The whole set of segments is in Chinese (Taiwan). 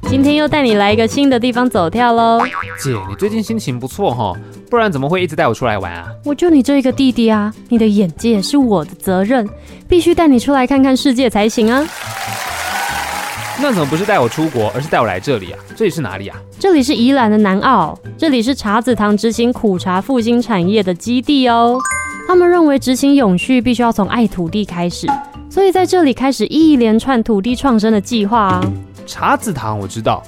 今天又帶你來一個新的地方走跳嘍！姐，你最近心情不錯哈，不然怎麼會一直帶我出來玩啊？我就你這一個弟弟啊，你的眼界是我的責任，必須帶你出來看看世界才行啊！那怎麼不是帶我出國，而是帶我來這裡啊？這裡是哪裡啊？這裡是宜蘭的南澳，這裡是茶籽堂執行苦茶復興產業的基地哦。他們認為執行永續必須要從愛土地開始，所以在這裡開始一連串土地創生的計劃啊。茶籽堂，我知道。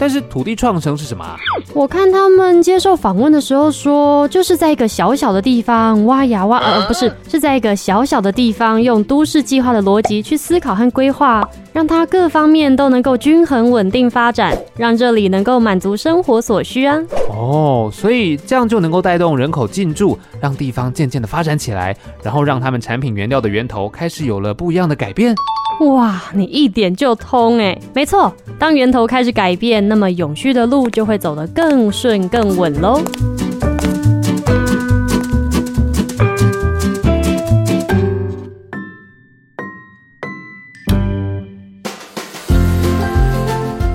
但是土地創生是什麼啊？我看他們接受訪問的時候說，就是在一個小小的地方挖呀挖，呃不是，是在一個小小的地方用都市計劃的邏輯去思考和規劃，讓它各方面都能夠均衡穩定發展，讓這裡能夠滿足生活所需啊。哦，所以這樣就能夠帶動人口進駐，讓地方漸漸的發展起來，然後讓他們產品原料的源頭開始有了不一樣的改變。哇，你一點就通哎，沒錯，當源頭開始改變。那麼，永續的路就會走得更順、更穩嘍。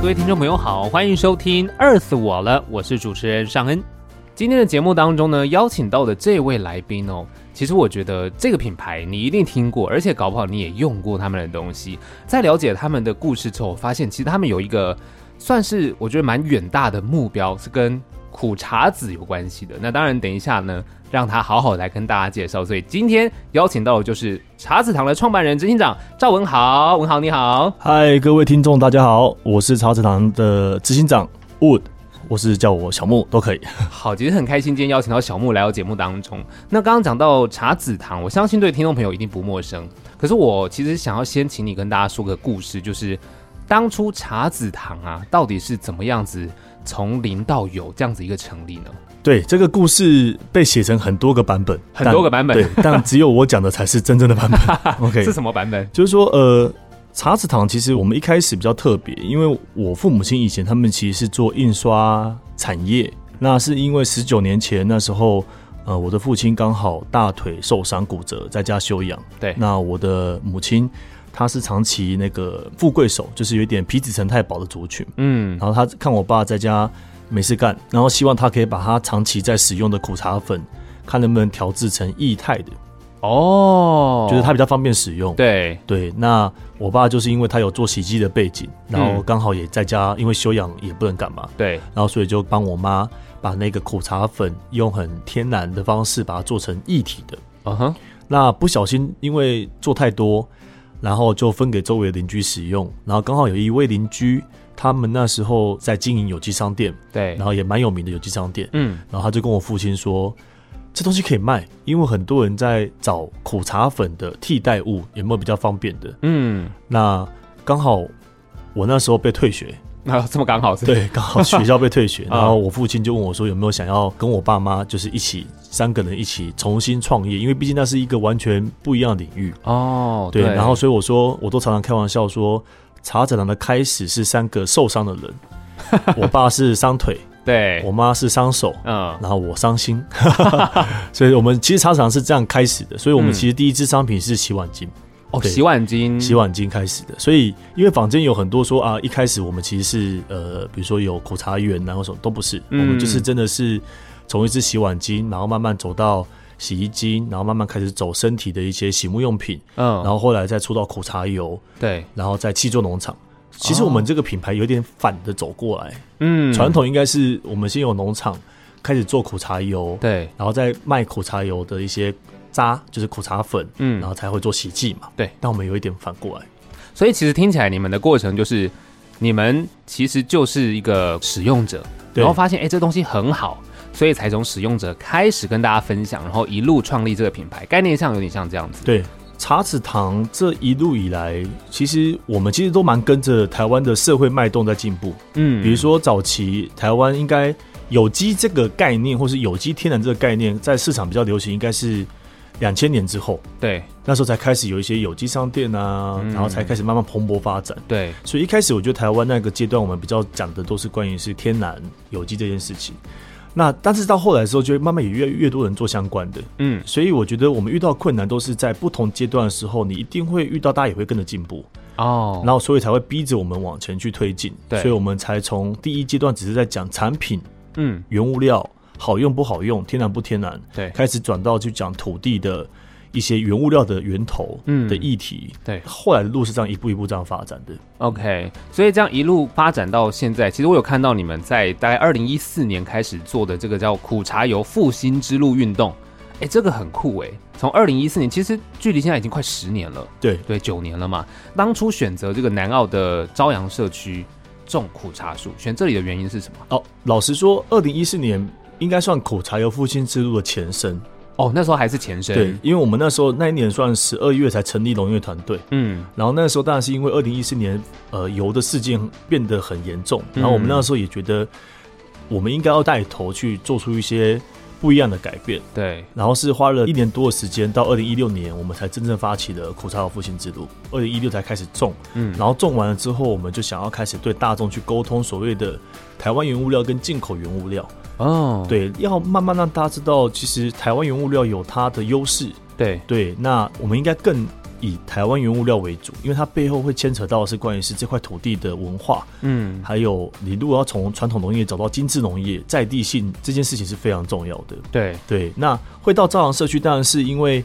各位聽眾朋友好，歡迎收聽 EARTH 我了，我是主持人尚恩。今天的節目當中呢，邀請到的這位來賓哦，其實我覺得這個品牌你一定聽過，而且搞不好你也用過他們的東西。在了解他們的故事之後，發現其實他們有一個。算是我覺得蠻遠大的目標，是跟苦茶籽有關係的。那當然，等一下呢，讓他好好來跟大家介紹。所以今天邀請到的就是茶籽堂的創辦人執行長趙文豪。文豪你好，嗨，各位聽眾大家好，我是茶籽堂的執行長 Wood，我是叫我小木都可以。 好，其實很開心今天邀請到小木來到節目當中。那剛剛講到茶籽堂，我相信對聽眾朋友一定不陌生。可是我其實想要先請你跟大家說個故事，就是。當初茶籽堂啊，到底是怎麼樣子從零到有這樣子一個成立呢？對，這個故事被寫成很多個版本，很多個版本。 對，但只有我講的才是真正的版本。 OK，是什麼版本？就是說，呃，茶籽堂其實我們一開始比較特別，因為我父母親以前他們其實是做印刷產業。那是因為十九年前那時候，呃，我的父親剛好大腿受傷骨折，在家休養。對，那我的母親。他是長期那個富貴手，就是有一點皮脂層太薄的族群。嗯，然後他看我爸在家沒事幹，然後希望他可以把他長期在使用的苦茶粉，看能不能調製成液態的。哦，就是他比較方便使用。對對，那我爸就是因為他有做洗劑的背景，然後剛好也在家，嗯、因為休養也不能幹嘛。對，然後所以就幫我媽把那個苦茶粉用很天然的方式把它做成液體的。嗯、uh、哼 -huh，那不小心因為做太多。然後就分給周圍的鄰居使用，然後剛好有一位鄰居，他們那時候在經營有機商店，對，然後也蠻有名的有機商店，嗯，然後他就跟我父親說，這東西可以賣，因為很多人在找苦茶粉的替代物，有沒有比較方便的？嗯，那剛好我那時候被退學。那這麼剛好是，是？對，剛好學校被退學， 然後我父親就問我說：“有沒有想要跟我爸媽，就是一起三個人一起重新創業？因為畢竟那是一個完全不一樣的領域哦。Oh, 對”對，然後所以我說，我都常常開玩笑說，茶籽堂的開始是三個受傷的人， 我爸是傷腿，對我媽是傷手，嗯， 然後我傷心， 所以我們其實茶籽堂是這樣開始的。所以我們其實第一支商品是洗碗巾。嗯哦、洗碗巾，洗碗巾開始的，所以因為坊間有很多說啊，一開始我們其實是呃，比如說有苦茶園，然後什麼都不是、嗯，我們就是真的是從一支洗碗巾，然後慢慢走到洗衣機，然後慢慢開始走身體的一些洗沐用品，嗯，然後後來再出到苦茶油，對，然後再去做農場。其實我們這個品牌有點反的走過來，嗯，傳統應該是我們先有農場開始做苦茶油，對，然後再賣苦茶油的一些。渣就是苦茶粉，嗯，然後才會做洗劑嘛。對，但我們有一點反過來，所以其實聽起來你們的過程就是，你們其實就是一個使用者，然後發現哎、欸，這個、東西很好，所以才從使用者開始跟大家分享，然後一路創立這個品牌。概念上有點像這樣子。對，茶籽堂這一路以來，其實我們其實都蠻跟着台灣的社會脈動在進步。嗯，比如說早期台灣應該有機這個概念，或是有機天然這個概念，在市場比較流行，應該是。兩千年之後，對，那時候才開始有一些有機商店啊，嗯，然後才開始慢慢蓬勃發展。對，所以一開始我覺得台灣那個階段，我們比較講的都是關於是天然有機這件事情。那但是到後來的時候，就慢慢也越越多人做相關的。嗯，所以我覺得我們遇到困難都是在不同階段的時候，你一定會遇到，大家也會跟着進步。哦，然後所以才會逼着我們往前去推進。對，所以我們才從第一階段只是在講產品，嗯，原物料。好用不好用，天然不天然？對，開始轉到去講土地的一些原物料的源頭的議題，嗯。對，後來的路是這樣一步一步這樣發展的。OK，所以這樣一路發展到現在，其實我有看到你們在大概二零一四年開始做的這個叫苦茶油復興之路運動。哎，這個很酷哎，欸！從二零一四年，其實距離現在已經快十年了。對對，九年了嘛。當初選擇這個南澳的朝陽社區種苦茶樹，選這裡的原因是什麼？哦，老實說，二零一四年。應該算苦茶油復興之路的前身哦，那時候還是前身。對，因為我們那時候那一年算十二月才成立農業團隊，嗯，然後那時候當然是因為二零一四年呃，油的事件變得很嚴重，嗯，然後我們那時候也覺得我們應該要帶頭去做出一些不一樣的改變，對。然後是花了一年多的時間，到二零一六年我們才真正發起了苦茶油復興之路，二零一六才開始種，嗯，然後種完了之後，我們就想要開始對大眾去溝通所謂的台灣原物料跟進口原物料。哦，對，要慢慢讓大家知道，其實台灣原物料有它的優勢。對對，那我們應該更以台灣原物料為主，因為它背後會牽扯到的是關於是這塊土地的文化，嗯，還有你如果要從傳統農業找到精致農業，在地性這件事情是非常重要的。對對，那會到朝陽社區，當然是因為。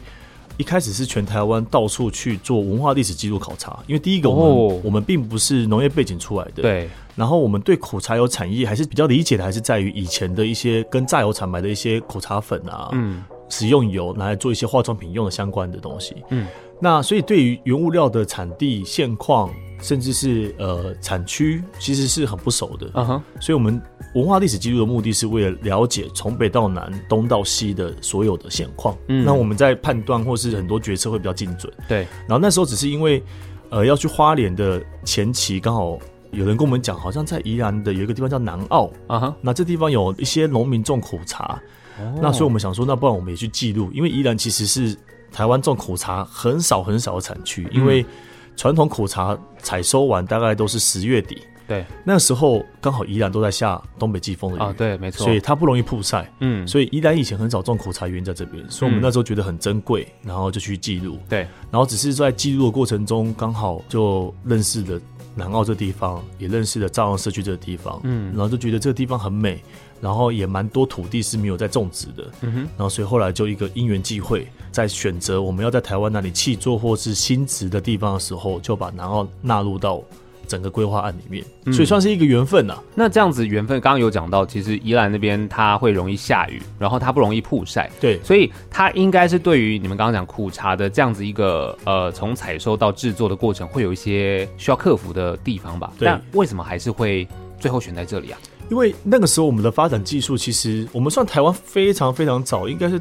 一開始是全台灣到處去做文化歷史記錄考察，因為第一個我們、oh. 我們並不是農業背景出來的，對。然後我們對苦茶油產業還是比較理解的，還是在於以前的一些跟榨油廠買的一些苦茶粉啊，嗯，食用油拿來做一些化妝品用的相關的東西，嗯。那所以對於原物料的產地現況，甚至是呃產區，其實是很不熟的，嗯哼。所以我們文化歷史記錄的目的是為了了解從北到南、東到西的所有的現況。嗯，那我們在判斷或是很多決策會比較精準。對，然後那時候只是因為，呃，要去花蓮的前期，剛好有人跟我們講，好像在宜蘭的有一個地方叫南澳啊哈、Uh-huh。那這地方有一些農民種苦茶、Uh-huh，那所以我們想說，那不然我們也去記錄，因為宜蘭其實是台灣種苦茶很少很少的產區，因為傳統苦茶採收完大概都是十月底。對，那時候剛好宜蘭都在下東北季風的雨啊，對，沒錯，所以它不容易曝曬，嗯，所以宜蘭以前很少種苦茶園在這邊，所以我們那時候覺得很珍貴，然後就去記錄，對、嗯，然後只是在記錄的過程中，剛好就認識了南澳這地方、嗯，也認識了朝陽社區這個地方，嗯，然後就覺得這個地方很美，然後也蠻多土地是沒有在種植的，嗯哼，然後所以後來就一個因緣際會，在選擇我們要在台灣哪裡契作或是新植的地方的時候，就把南澳納入到。整個規劃案裡面，所以算是一個緣分吶、啊嗯。那這樣子緣分，剛剛有講到，其實宜蘭那邊它會容易下雨，然後它不容易曝曬，對，所以它應該是對於你們剛剛講苦茶的這樣子一個呃，從採收到製作的過程，會有一些需要克服的地方吧。那為什麼還是會最後選在這裡啊？因為那個時候我們的發展技術，其實我們算台灣非常非常早，應該是。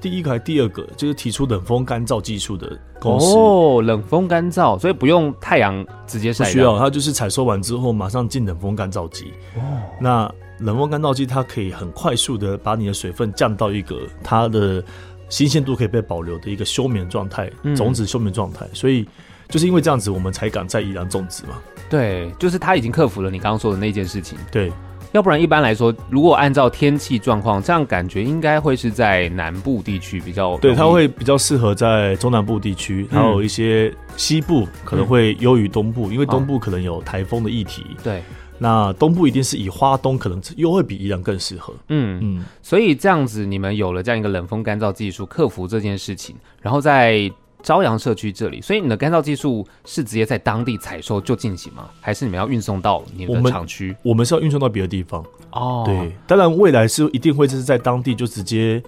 第一個還是第二個，就是提出冷風乾燥技術的公司哦。冷風乾燥，所以不用太陽直接曬？不需要，它就是採收完之後馬上進冷風乾燥機哦。那冷風乾燥機它可以很快速的把你的水分降到一個它的新鮮度可以被保留的一個休眠狀態、嗯，種子休眠狀態。所以就是因為這樣子，我們才敢在宜蘭種植嘛。對，就是他已經克服了你剛剛說的那件事情。對。要不然，一般來說，如果按照天氣狀況，這樣感覺應該會是在南部地區比較。對，它會比較適合在中南部地區，還、嗯、有一些西部可能會優於東部、嗯，因為東部可能有台風的議題。對、哦，那東部一定是以花東可能又會比宜蘭更適合。嗯嗯，所以這樣子，你們有了這樣一個冷風乾燥技術，克服這件事情，然後在。朝陽社區這裡，所以你的乾燥技術是直接在當地採收就進行嗎？還是你們要運送到你們的廠區？我們是要運送到別的地方哦、啊。對，當然未來是一定會就是在當地就直接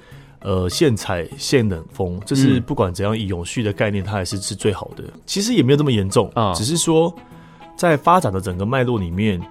呃現採現冷封，這是不管怎樣以永續的概念，它還是是最好的。嗯、其實也沒有這麼嚴重啊，只是說在發展的整個脈絡裡面，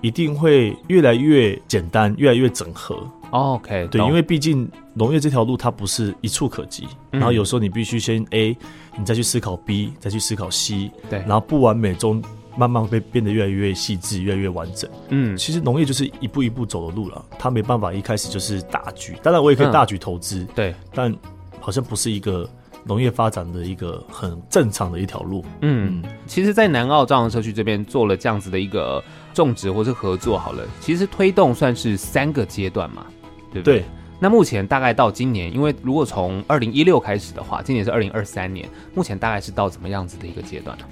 一定會越來越簡單，越來越整合。OK，對，因為畢竟農業這條路它不是一蹴可及，嗯，然後有時候你必須先 A，你再去思考 B，再去思考 C，對，然後不完美中慢慢會變得越來越細緻，越來越完整。嗯，其實農業就是一步一步走的路啦，它沒辦法一開始就是大局。當然我也可以大局投資，對、嗯，但好像不是一個農業發展的一個很正常的一條路嗯。嗯，其實，在南澳朝陽社區這邊做了這樣子的一個種植或是合作好了，其實推動算是三個階段嘛。對，對，對，那目前大概到今年，因為如果從二零一六開始的話，今年是二零二三年，目前大概是到怎麼樣子的一個階段啊？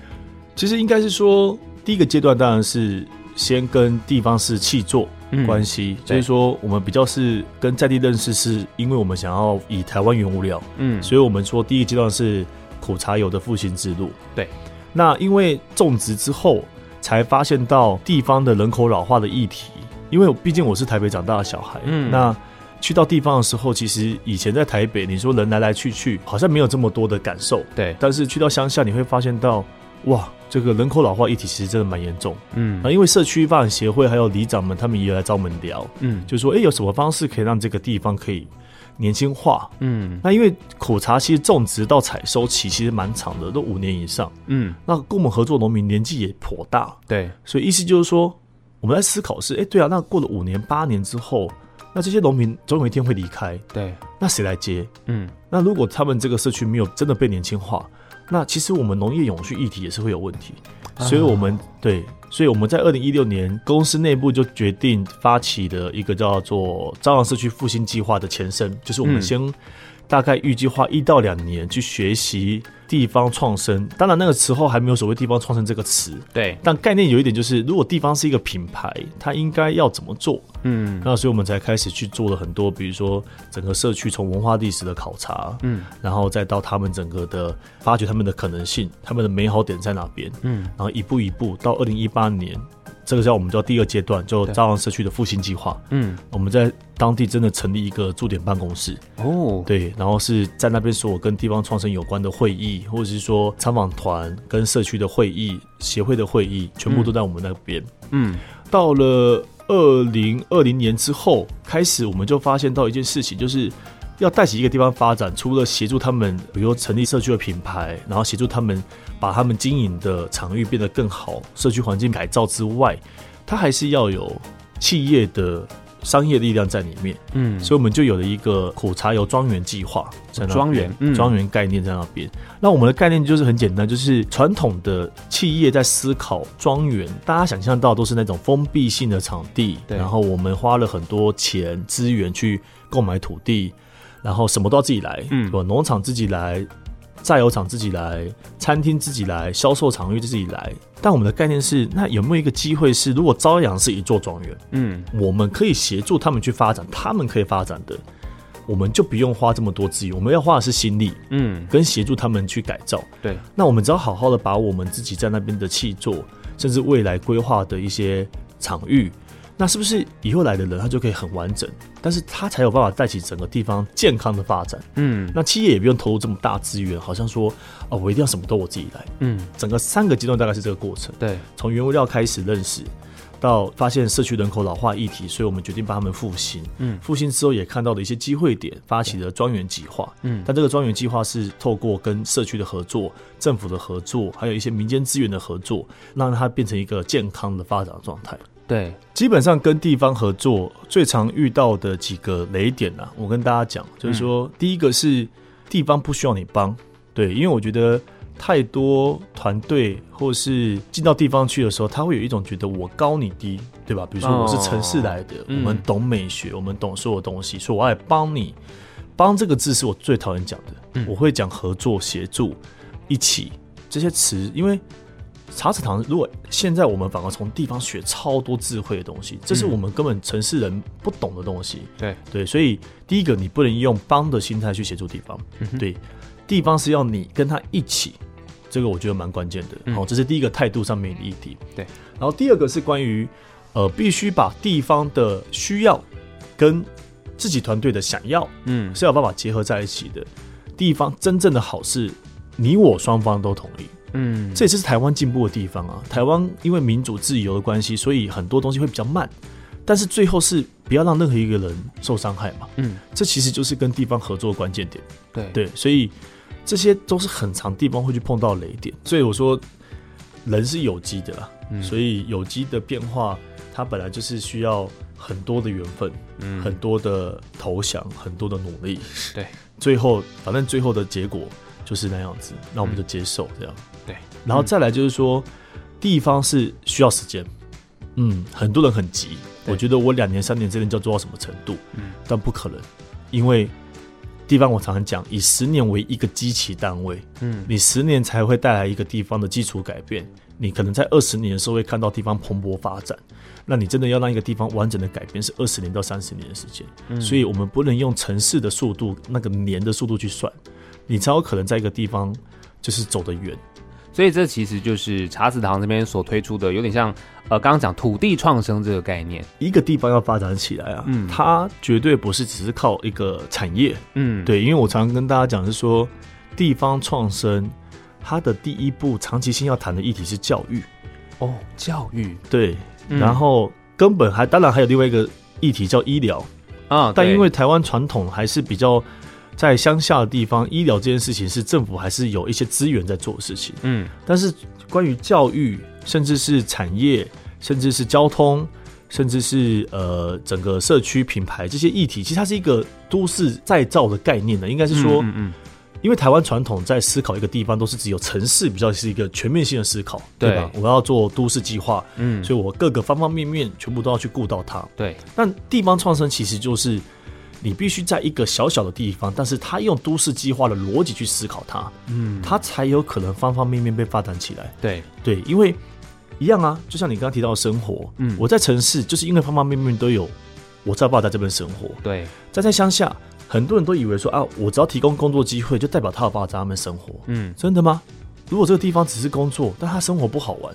其實應該是說，第一個階段當然是先跟地方是氣作關係，所、嗯、以、就是、說，我們比較是跟在地認識，是因為我們想要以台灣原物料，嗯，所以我們說第一個階段是苦茶油的復興之路。對，那因為種植之後才發現到地方的人口老化的議題，因為畢竟我是台北長大的小孩，嗯，那。去到地方的時候，其實以前在台北，你說人來來去去，好像沒有這麼多的感受。對，但是去到鄉下，你會發現到，哇，這個人口老化議題，其實真的蠻嚴重。嗯，啊，因為社區發展協會還有里長們，他們也來找我們聊。嗯，就說，哎、欸，有什麼方式可以讓這個地方可以年輕化？嗯，那因為苦茶其實種植到採收期其實蠻長的，都五年以上。嗯，那跟我們合作農民年紀也頗大。對，所以意思就是說，我們在思考是，哎、欸，對啊，那過了五年、八年之後。那這些農民總有一天會離開，對，那誰來接？嗯，那如果他們這個社區沒有真的被年輕化，那其實我們農業永續議題也是會有問題，嗯、所以我們、啊、對，所以我們在二零一六年公司內部就決定發起的一個叫做“朝陽社區復興計劃”的前身，就是我們先、嗯。大概預計花一到兩年去學習地方創生，當然那個時候還沒有所謂地方創生這個詞，對，但概念有一點就是，如果地方是一個品牌，它應該要怎麼做？嗯，那所以我們才開始去做了很多，比如說整個社區從文化歷史的考察，嗯，然後再到他們整個的發掘他們的可能性，他們的美好點在哪邊，嗯，然後一步一步到二零一八年，這個叫我們叫第二階段，就朝陽社區的復興計劃。嗯，我們在當地真的成立一個駐點辦公室。哦，對，然後是在那邊所有跟地方創生有關的會議，或者是說參訪團跟社區的會議、協會的會議，全部都在我們那邊。嗯。嗯，到了二零二零年之後，開始我們就發現到一件事情，就是。要帶起一個地方發展，除了協助他們，比如說成立社區的品牌，然後協助他們把他們經營的場域變得更好，社區環境改造之外，它還是要有企業的商業力量在裡面。嗯，所以我們就有了一個苦茶油莊園計劃，在莊園，嗯，莊園概念在那邊。那我們的概念就是很簡單，就是傳統的企業在思考莊園，大家想象到都是那種封閉性的場地。對。然後我們花了很多錢資源去購買土地。然後什麼都要自己來，嗯，農場自己來，榨油廠自己來，餐廳自己來，銷售場域自己來。但我們的概念是，那有沒有一個機會是，如果朝陽是一座莊園，嗯，我們可以協助他們去發展，他們可以發展的，我們就不用花這麼多資源，我們要花的是心力，嗯，跟協助他們去改造。對，那我們只要好好的把我們自己在那邊的契作，甚至未來規劃的一些場域。那是不是以後來的人他就可以很完整？但是他才有辦法帶起整個地方健康的發展。嗯，那企業也不用投入這麼大資源，好像說啊，哦，我一定要什麼都我自己來。嗯，整個三個階段大概是這個過程。對，從原物料開始認識到發現社區人口老化議題，所以我們決定幫他們復興。嗯，復興之後也看到了一些機會點，發起了莊園計劃。嗯，但這個莊園計劃是透過跟社區的合作、政府的合作，還有一些民間資源的合作，讓它變成一個健康的發展狀態。對，基本上跟地方合作最常遇到的幾個雷點、啊、我跟大家講，就是說，第一個是地方不需要你幫、嗯，對，因為我覺得太多團隊或是進到地方去的時候，他會有一種覺得我高你低，對吧？比如說我是城市來的，哦、我們懂美學、嗯，我們懂所有東西，所以我要幫你。幫這個字是我最討厭講的、嗯，我會講合作、協助、一起這些詞，因為。茶籽堂，如果現在我們反而從地方學超多智慧的東西，這是我們根本城市人不懂的東西。對、嗯、對，所以第一個你不能用幫的心態去協助地方、嗯。對，地方是要你跟他一起，這個我覺得蠻關鍵的。好、嗯，這是第一個態度上面的議題。對、嗯，然後第二個是關於，呃，必須把地方的需要跟自己團隊的想要，嗯，是要有辦法結合在一起的。地方真正的好，是你我雙方都同意。嗯，這也是台灣進步的地方啊。台灣因為民主自由的關係，所以很多東西會比較慢，但是最後是不要讓任何一個人受傷害嘛。嗯，這其實就是跟地方合作的關鍵點。對對，所以這些都是很長地方會去碰到雷點。所以我說，人是有機的啦。嗯，所以有機的變化它本來就是需要很多的緣分，嗯，很多的投降，很多的努力。對，最後反正最後的結果就是那樣子，那我們就接受這樣。然後再來就是說，嗯，地方是需要時間，嗯，很多人很急，我覺得我兩年三年之內就要做到什麼程度，嗯，但不可能，因為地方我常常講以十年為一個基期單位，嗯，你十年才會帶來一個地方的基礎改變，你可能在二十年的時候會看到地方蓬勃發展，那你真的要讓一個地方完整的改變是二十年到三十年的時間，嗯，所以我們不能用城市的速度那個年的速度去算，你才有可能在一個地方就是走得遠。所以這其實就是茶籽堂這邊所推出的，有點像，呃，剛剛講土地創生這個概念，一個地方要發展起來啊，嗯，它絕對不是只是靠一個產業，嗯，對，因為我常跟大家講是說，地方創生它的第一步，長期性要談的議題是教育，哦，教育，對，嗯、然後根本還當然還有另外一個議題叫醫療啊、哦，但因為台灣傳統還是比較。在鄉下的地方，醫療這件事情是政府還是有一些資源在做的事情。嗯，但是關於教育，甚至是產業，甚至是交通，甚至是呃整個社區品牌這些議題，其實它是一個都市再造的概念呢。應該是說、嗯嗯嗯，因為台灣傳統在思考一個地方，都是只有城市比較是一個全面性的思考，對，對吧？我要做都市計劃，嗯，所以我各個方方面面全部都要去顧到它。對，但地方創生其實就是。你必須在一個小小的地方，但是他用都市計劃的邏輯去思考它，嗯，他才有可能方方面面被發展起來。對對，因為一樣啊，就像你剛剛提到的生活，嗯，我在城市就是因為方方面面都有，我才有辦法，在這邊生活。對，在在鄉下，很多人都以為說啊，我只要提供工作機會，就代表他有辦法在那邊生活。嗯，真的嗎？如果這個地方只是工作，但他生活不好玩。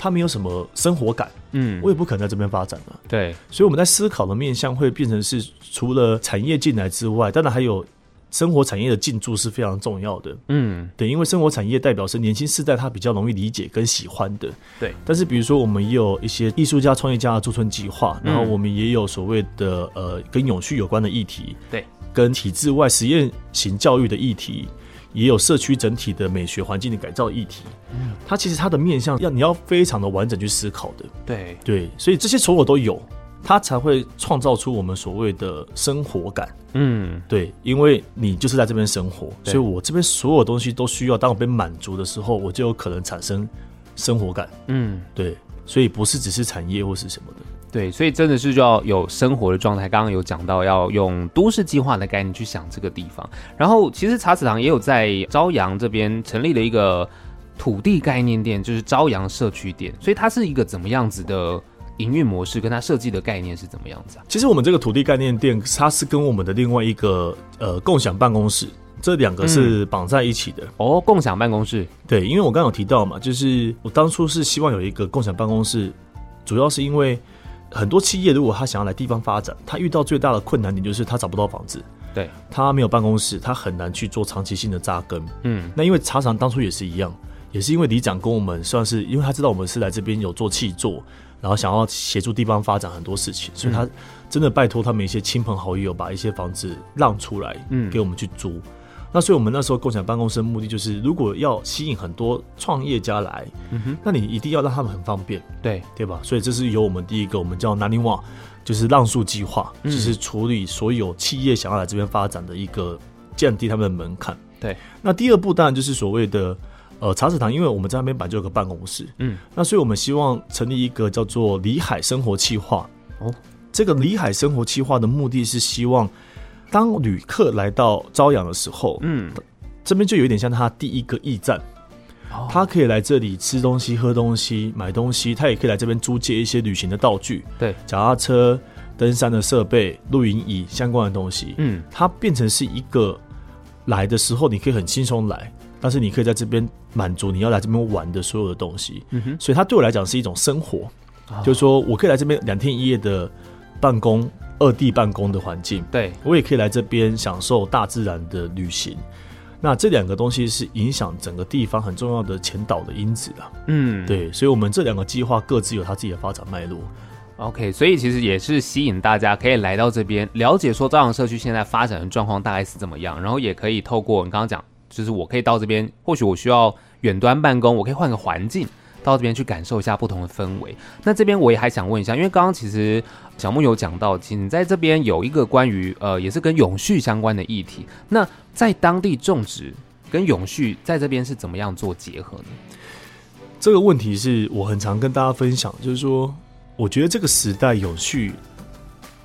他沒有什麼生活感，嗯，我也不可能在這邊發展了。對，所以我們在思考的面向會變成是除了產業進來之外，當然還有生活產業的進駐是非常重要的。嗯，對，因為生活產業代表是年輕世代他比較容易理解跟喜歡的。對，但是比如說我們也有一些藝術家、創業家的駐村計劃，然後我們也有所謂的呃跟永續有關的議題，對，跟體制外實驗型教育的議題。也有社區整體的美學環境的改造議題，嗯，它其實它的面向要你要非常的完整去思考的，對對，所以這些所有都有，它才會創造出我們所謂的生活感，嗯，對，因為你就是在這邊生活，所以我這邊所有東西都需要，當我被滿足的時候，我就有可能產生生活感，嗯，對，所以不是只是產業或是什麼的。對，所以真的是就要有生活的狀態。剛剛有講到要用都市計劃的概念去想這個地方。然後，其實茶籽堂也有在朝陽這邊成立了一個土地概念店，就是朝陽社區店。所以它是一個怎麼樣子的營運模式？跟它設計的概念是怎麼樣子啊？其實我們這個土地概念店，它是跟我們的另外一個呃共享辦公室，這兩個是綁在一起的、嗯、哦。共享辦公室，對，因為我剛剛有提到嘛，就是我當初是希望有一個共享辦公室，主要是因為。很多企業如果他想要來地方發展，他遇到最大的困難點就是他找不到房子，對，他沒有辦公室，他很難去做長期性的扎根。嗯，那因為茶廠當初也是一樣，也是因為里長跟我們算是，因為他知道我們是來這邊有做契作，然後想要協助地方發展很多事情，所以他真的拜托他們一些親朋好友把一些房子讓出來給我們去租。嗯那所以，我們那時候共享辦公室的目的就是，如果要吸引很多創業家來、嗯，那你一定要讓他們很方便，對，對吧？所以這是由我們第一個，我們叫 n a n i w a 就是浪速計劃，就是處理所有企業想要來這邊發展的一個降低他們的門檻。對，那第二步當然就是所謂的呃茶室堂，因為我們在那邊本身就有個辦公室，嗯，那所以我們希望成立一個叫做里海生活計劃。哦，這個里海生活計劃的目的是希望。當旅客來到朝陽的時候，嗯，這邊就有一點像他第一個驛站，他可以來這裡吃東西、喝東西、買東西，他也可以來這邊租借一些旅行的道具，對，腳踏車、登山的設備、露營椅相關的東西，嗯，它變成是一個來的時候你可以很輕鬆來，但是你可以在這邊滿足你要來這邊玩的所有的東西，嗯哼，所以它對我來講是一種生活，哦，就是說我可以來這邊兩天一夜的辦公。二地辦公的環境，對，我也可以來這邊享受大自然的旅行。那這兩個東西是影響整個地方很重要的前導的因子的。嗯，對，所以我們這兩個計劃各自有它自己的發展脈絡。OK，所以其實也是吸引大家可以來到這邊，了解說朝陽社區現在發展的狀況大概是怎麼樣。然後也可以透過我們剛剛講，就是我可以到這邊，或許我需要遠端辦公，我可以換個環境。到這邊去感受一下不同的氛圍。那這邊我也還想問一下，因為剛剛其實小木有講到，其實你在這邊有一個關於呃，也是跟永續相關的議題。那在當地種植跟永續在這邊是怎麼樣做結合呢？這個問題是我很常跟大家分享，就是說，我覺得這個時代永續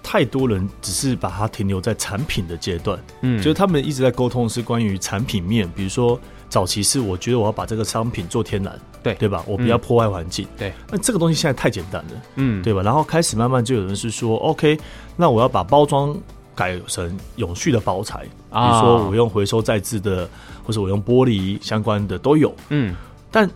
太多人只是把它停留在產品的階段，嗯，就是他們一直在溝通的是關於產品面，比如說。早期是我覺得我要把這個商品做天然，對對吧？我不要破壞環境，嗯。對，那、啊、這個東西現在太簡單了，嗯，對吧？然後開始慢慢就有人是說、嗯，OK，那我要把包裝改成永續的包材，哦，比如說我用回收再制的，或者我用玻璃相關的都有。嗯，但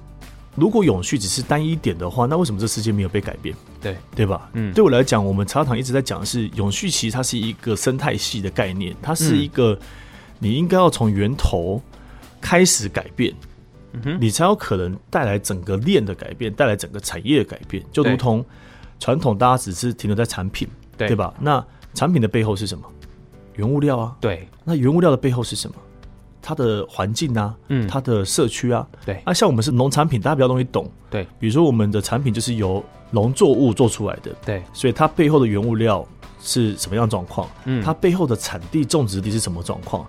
如果永續只是單一點的話，那為什麼這世界沒有被改變？對、嗯、對吧？嗯，對我來講，我們茶籽堂一直在講的是永續，其實它是一個生態系的概念，它是一個、嗯、你應該要從源頭。開始改變，嗯，你才有可能帶來整個鏈的改變，帶來整個產業的改變。就如同傳統，大家只是停留在產品對，對吧？那產品的背後是什麼？原物料啊，對。那原物料的背後是什麼？它的環境啊，嗯，它的社區啊，對。啊，像我們是農產品，大家比較容易懂，對。比如說我們的產品就是由農作物做出來的，對。所以它背後的原物料是什麼樣狀況？嗯，它背後的產地、種植地是什麼狀況？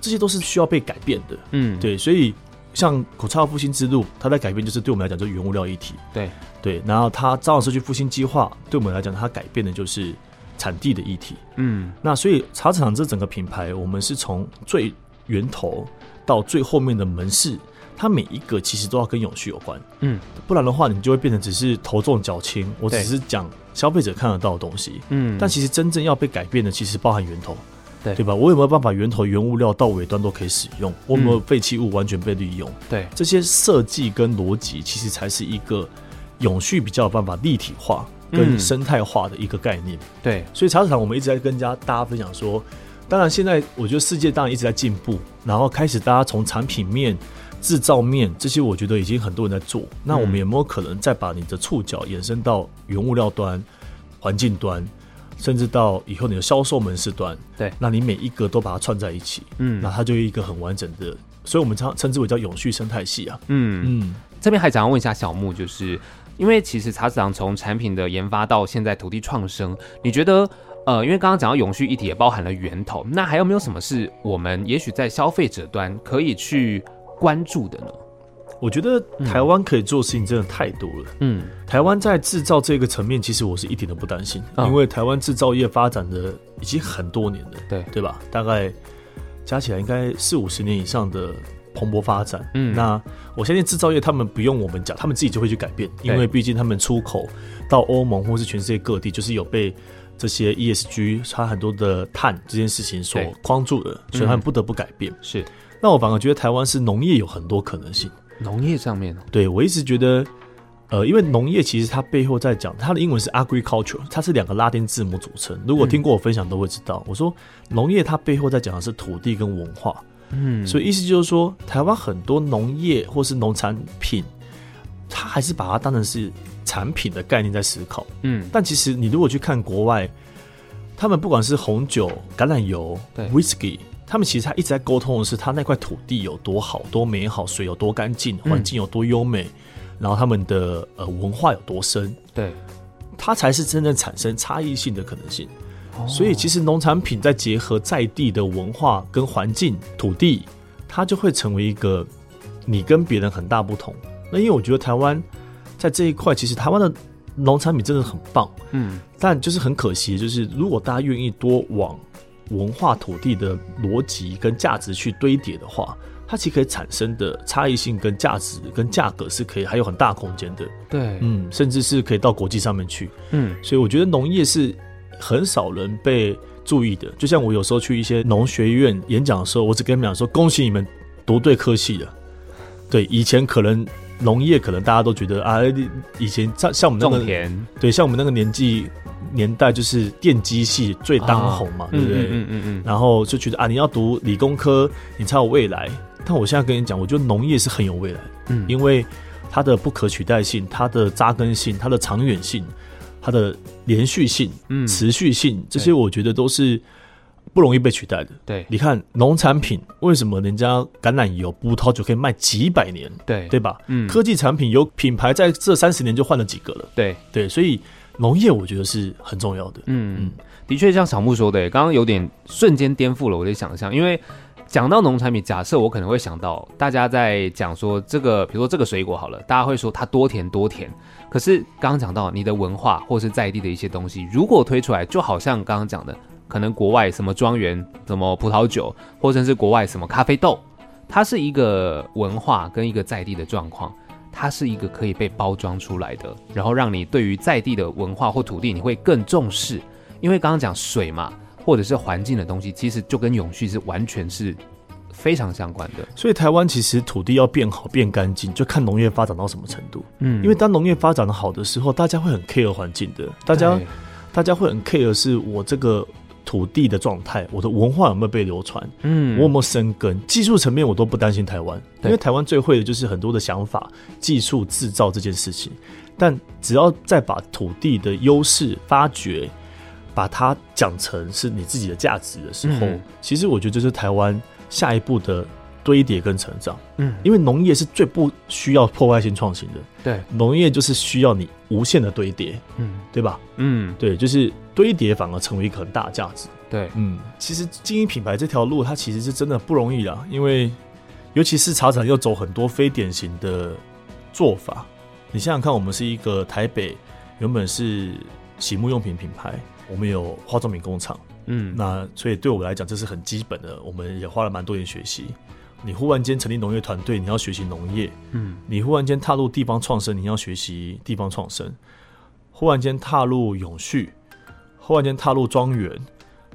這些都是需要被改變的，嗯，對，所以像苦茶的復興之路，它的改變就是對我們來講就是原物料議題，對對，然後它朝陽社區復興計劃，對我們來講它改變的就是產地的議題，嗯，那所以茶廠這整個品牌，我們是從最源頭到最後面的門市，它每一個其實都要跟永續有關，嗯，不然的話你就會變得只是頭重腳輕，我只是講消費者看得到的東西，嗯，但其實真正要被改變的，其實包含源頭。對吧？我有沒有辦法源頭原物料到尾端都可以使用？我有沒有廢棄物完全被利用？對、嗯、這些設計跟邏輯，其實才是一個永續比較有辦法立體化跟生態化的一個概念。對、嗯，所以茶籽堂我們一直在跟家大家分享說，當然現在我覺得世界當然一直在進步，然後開始大家從產品面、製造面這些，我覺得已經很多人在做。那我們有沒有可能再把你的觸角延伸到原物料端、環境端？甚至到以後你的銷售門市端，對，那你每一個都把它串在一起，嗯，那它就一個很完整的，所以我們稱稱之為叫永續生態系啊，嗯嗯。這邊還想要問一下小木，就是因為其實茶籽堂從產品的研發到現在土地創生，你覺得，呃，因為剛剛講到永續議題也包含了源頭，那還有沒有什麼是我們也許在消費者端可以去關注的呢？我覺得台灣可以做的事情真的太多了。嗯，台灣在製造這個層面，其實我是一點都不擔心，啊，因為台灣製造業發展的已經很多年了，對對吧？大概加起來應該四五十年以上的蓬勃發展。嗯，那我相信製造業他們不用我們講，他們自己就會去改變，因為畢竟他們出口到歐盟或是全世界各地，就是有被這些 ESG、它很多的碳這件事情所框住的，所以他們不得不改變。嗯、是，那我反而覺得台灣是農業有很多可能性。嗯農業上面哦，對我一直覺得，呃，因為農業其實它背後在講它的英文是 agriculture，它是兩個拉丁字母組成。如果聽過我分享都會知道，嗯、我說農業它背後在講的是土地跟文化，嗯，所以意思就是說，台灣很多農業或是農產品，它還是把它當成是產品的概念在思考，嗯，但其實你如果去看國外，他們不管是紅酒、橄欖油、whisky。他們其實他一直在溝通的是，他那塊土地有多好、多美好，水有多乾淨，環境有多優美，嗯，然後他們的呃文化有多深，對，它才是真正產生差異性的可能性。哦，所以其實農產品再結合在地的文化跟環境土地，它就會成為一個你跟別人很大不同。那因為我覺得台灣在這一塊，其實台灣的農產品真的很棒，嗯，但就是很可惜，就是如果大家願意多往。文化土地的邏輯跟價值去堆疊的話，它其實可以產生的差異性跟價值跟價格是可以還有很大空間的。對，嗯，甚至是可以到國際上面去。嗯，所以我覺得農業是很少人被注意的。就像我有時候去一些農學院演講的時候，我只跟你們講說：“恭喜你們讀對科系了。”對，以前可能。農業可能大家都覺得啊，以前像像我們那個、種田，對，像我們那個年紀年代，就是電機系最當紅嘛，啊、對不對？嗯，嗯嗯嗯。然後就覺得啊，你要讀理工科，你才有未來。但我現在跟你講，我覺得農業是很有未來，嗯，因為它的不可取代性、它的扎根性、它的長遠性、它的連續性、嗯，持續性，這些我覺得都是。不容易被取代的。對，你看農產品，為什麼人家橄欖油、葡萄酒可以賣幾百年？對，對吧？嗯，科技產品有品牌在，這三十年就換了幾個了。對，對，所以農業我覺得是很重要的。嗯嗯，的確像小木說的，剛剛有點瞬間顛覆了我的想象。因為講到農產品，假設我可能會想到大家在講說這個，比如說這個水果好了，大家會說它多甜多甜。可是剛剛講到你的文化或是在地的一些東西，如果推出來，就好像剛剛講的。可能國外什麼莊園、什麼葡萄酒，或者是國外什麼咖啡豆，它是一個文化跟一個在地的狀況，它是一個可以被包裝出來的，然後讓你對於在地的文化或土地，你會更重視。因為剛剛講水嘛，或者是環境的東西，其實就跟永續是完全是非常相關的。所以台灣其實土地要變好、變乾淨，就看農業發展到什麼程度。嗯，因為當農業發展的好的時候，大家會很 care 環境的，大家大家會很 care 是我這個。土地的狀態，我的文化有沒有被流傳？嗯，我有沒有生根？技術層面我都不擔心台灣，因為台灣最會的就是很多的想法、技術製造這件事情。但只要再把土地的優勢發掘，把它講成是你自己的價值的時候，嗯，其實我覺得這是台灣下一步的。堆疊跟成長，嗯，因為農業是最不需要破壞性創新的，對，農業就是需要你無限的堆疊，嗯，對吧？嗯，對，就是堆疊反而成為一個很大價值，對，嗯，其實經營品牌這條路它其實是真的不容易的，因為尤其是茶籽堂又走很多非典型的做法。你想想看，我們是一個台北原本是洗沐用品品牌，我們有化妝品工廠，嗯，那所以對我來講這是很基本的，我們也花了蠻多年學習。你忽然間成立農業團隊，你要學習農業。嗯，你忽然間踏入地方創生，你要學習地方創生。忽然間踏入永續，忽然間踏入莊園，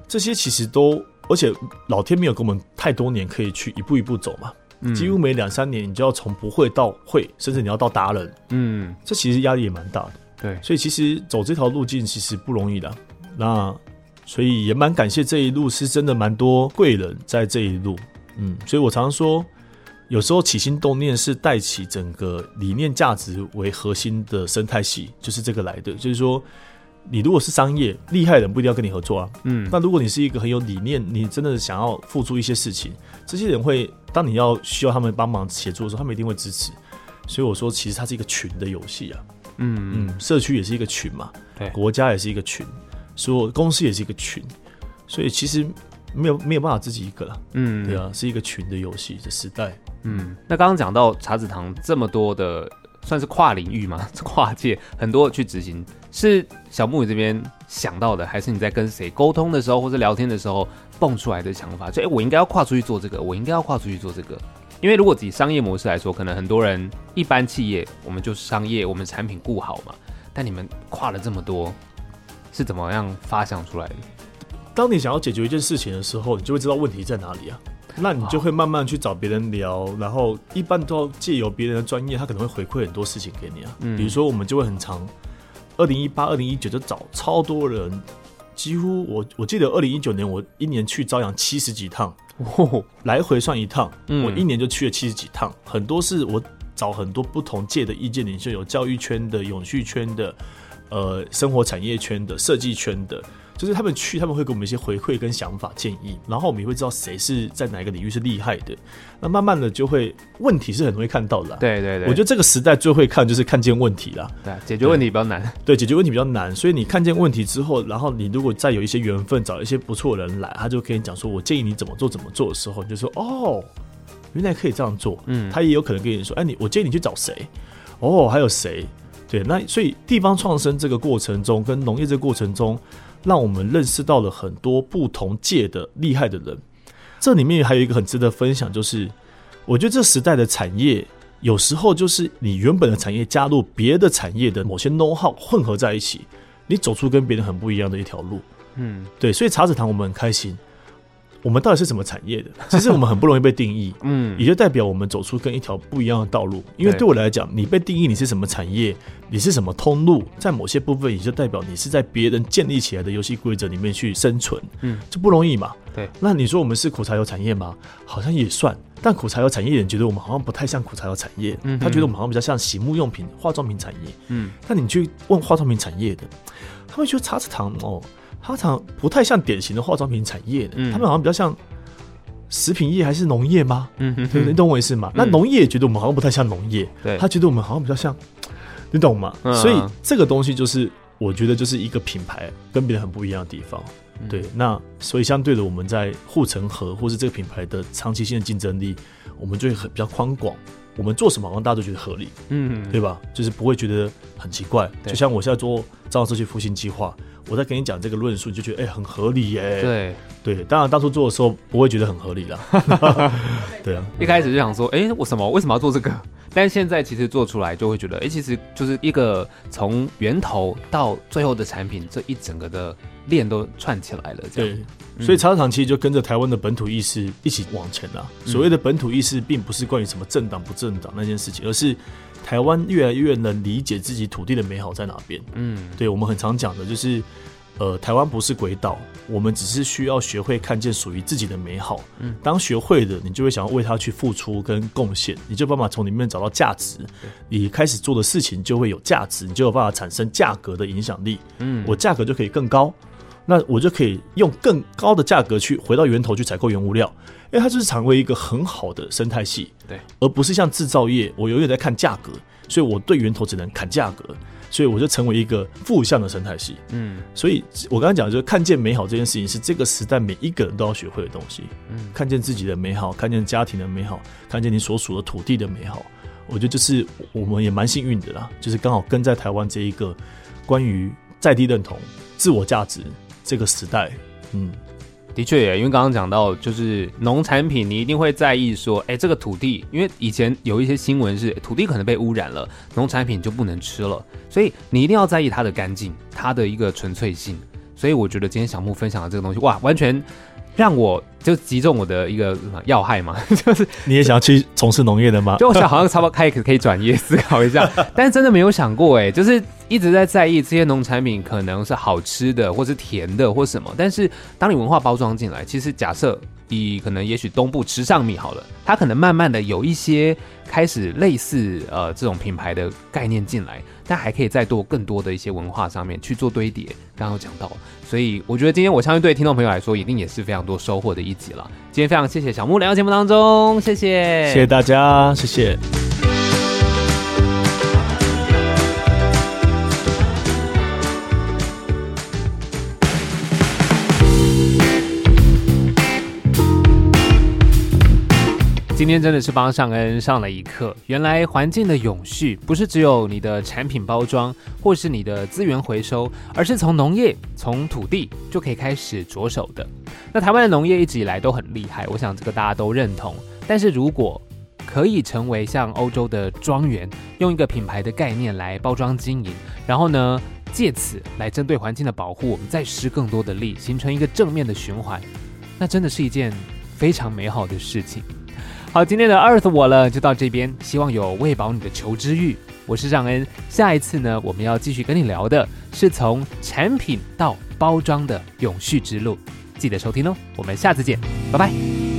這些其實都，而且老天沒有給我們太多年可以去一步一步走嘛。嗯，幾乎每兩三年，你就要從不會到會，甚至你要到達人。嗯，這其實壓力也蠻大的。對，所以其實走這條路徑其實不容易的。那所以也蠻感謝這一路是真的蠻多貴人在這一路。嗯，所以我常常說，有時候起心動念是帶起整個理念、價值為核心的生態系，就是這個來的。就是說，你如果是商業厲害的人，不一定要跟你合作啊。嗯，那如果你是一個很有理念，你真的想要付出一些事情，這些人會，當你要需要他們幫忙協助的時候，他們一定會支持。所以我說，其實它是一個群的遊戲啊。嗯嗯，社區也是一個群嘛，對，國家也是一個群，所以公司也是一個群，所以其實。沒有沒有辦法自己一個，嗯，對啊，是一個群的遊戲的時代，嗯。那剛剛講到茶籽堂這麼多的，算是跨領域嘛，跨界很多去執行，是小木這邊想到的，還是你在跟誰溝通的時候，或者聊天的時候蹦出來的想法？就欸，我應該要跨出去做這個，我應該要跨出去做這個。因為如果以商業模式來說，可能很多人一般企業，我們就是商業，我們產品顧好嘛。但你們跨了這麼多，是怎麼樣發想出來的？當你想要解決一件事情的時候，你就會知道問題在哪裡啊。那你就會慢慢去找別人聊、哦，然後一般都要借由別人的專業，他可能會回饋很多事情給你啊。嗯、比如說，我們就會很常2018，二零一八、二零一九就找超多人，幾乎我我記得二零一九年我一年去朝陽七十幾趟、哦，來回算一趟，我一年就去了七十幾趟、嗯，很多是我找很多不同界的意見領袖，有教育圈的、永續圈的、呃，生活產業圈的、設計圈的。就是他們去，他們會給我們一些回饋跟想法建議，然後我們也會知道誰是在哪個領域是厲害的。那慢慢的就會問題是很容易看到的。對對對，我覺得這個時代最會看就是看見問題了。對，解決問題比較難對。對，解決問題比較難。所以你看見問題之後，然後你如果再有一些緣分，找一些不錯的人來，他就跟你講說：“我建議你怎麼做，怎麼做的時候，你就說哦，原來可以這樣做。”嗯，他也有可能跟你說：“哎，你我建議你去找誰？哦，還有誰？”對，那所以地方創生這個過程中，跟農業這個過程中。讓我們認識到了很多不同界的厲害的人，這裡面還有一個很值得分享，就是我覺得這時代的產業有時候就是你原本的產業加入別的產業的某些 know how 混合在一起，你走出跟別人很不一樣的一條路。嗯，對，所以茶籽堂我們很開心。我們到底是什麼產業的？其實我們很不容易被定義， 嗯，也就代表我們走出跟一條不一樣的道路。因為對我來講，你被定義你是什麼產業，你是什麼通路，在某些部分也就代表你是在別人建立起來的遊戲規則裡面去生存，嗯，就不容易嘛。對。那你說我們是苦茶油產業嗎？好像也算，但苦茶油產業人覺得我們好像不太像苦茶油產業，嗯，他覺得我們好像比較像洗沐用品、化妝品產業，嗯。那你去問化妝品產業的，他會覺得茶籽堂哦。他常不太像典型的化妝品產業的，嗯、他們好像比較像食品業還是農業嗎？嗯？你懂我意思嗎？嗯、那農業覺得我們好像不太像農業，他覺得我們好像比較像，你懂嗎？所以這個東西就是我覺得就是一個品牌跟別人很不一樣的地方。嗯、對，那所以相對的我們在護城河或是這個品牌的長期性的競爭力，我們就會很比較寬廣。我們做什麼好像大家都覺得合理，嗯，對吧？就是不會覺得很奇怪。就像我現在做朝陽社區復興計劃，我在跟你講這個論述，就覺得哎，很合理耶。對對，當然當初做的時候不會覺得很合理了， 對， 對啊。一開始就想說，哎，我什麼？為什麼要做這個？但現在其實做出來，就會覺得，哎，其實就是一個從源頭到最後的產品這一整個的。鏈都串起來了，對，所以茶籽堂其實就跟着台灣的本土意識一起往前了。嗯。所謂的本土意識，並不是關於什麼政黨不政黨那件事情，而是台灣越來越能理解自己土地的美好在哪邊。嗯，對我們很常講的就是，呃、台灣不是鬼島，我們只是需要學會看見屬於自己的美好。嗯。當學會的，你就會想要為它去付出跟貢獻，你就辦法從裡面找到價值。你開始做的事情就會有價值，你就有辦法產生價格的影響力。嗯、我價格就可以更高。那我就可以用更高的價格去回到源頭去採購原物料，因為它就是成為一個很好的生態系，對，而不是像製造業，我永遠在看價格，所以我對源頭只能砍價格，所以我就成為一個負向的生態系。嗯，所以我剛剛講的就是看見美好這件事情是這個時代每一個人都要學會的東西。嗯，看見自己的美好，看見家庭的美好，看見你所屬的土地的美好，我覺得就是我們也蠻幸運的啦，就是剛好跟在台灣這一個關於在地認同、自我價值。這個時代，嗯，的確也，因為剛剛講到，就是農產品，你一定會在意說，哎、欸，這個土地，因為以前有一些新聞是、欸、土地可能被污染了，農產品就不能吃了，所以你一定要在意它的乾淨，它的一個純粹性。所以我覺得今天小木分享的這個東西，哇，完全。讓我就擊中我的一個要害嘛，就是你也想要去從事農業的嗎？就我想好像差不多可以可以轉業思考一下， 但是真的沒有想過誒，就是一直在在意這些農產品可能是好吃的，或是甜的，或什麼。但是當你文化包裝進來，其實假設。可能也許東部池上米好了，它可能慢慢的有一些開始類似呃這種品牌的概念進來，但還可以再做更多的一些文化上面去做堆疊。剛剛有講到，所以我覺得今天我相信對聽眾朋友來說一定也是非常多收穫的一集了。今天非常謝謝小木，聊節目當中，謝謝，謝謝大家，謝謝。今天真的是幫尚恩上了一課。原來環境的永續不是只有你的產品包裝或是你的資源回收，而是從農業、從土地就可以開始着手的。那台灣的農業一直以來都很厲害，我想這個大家都認同。但是如果可以成為像歐洲的莊園，用一個品牌的概念來包裝經營，然後呢，借此來針對環境的保護，我們再施更多的力，形成一個正面的循環，那真的是一件非常美好的事情。好，今天的 Earth 我了就到這邊，希望有餵飽你的求知欲。我是尚恩，下一次呢，我們要繼續跟你聊的是從產品到包裝的永續之路，記得收聽哦。我們下次見，拜拜。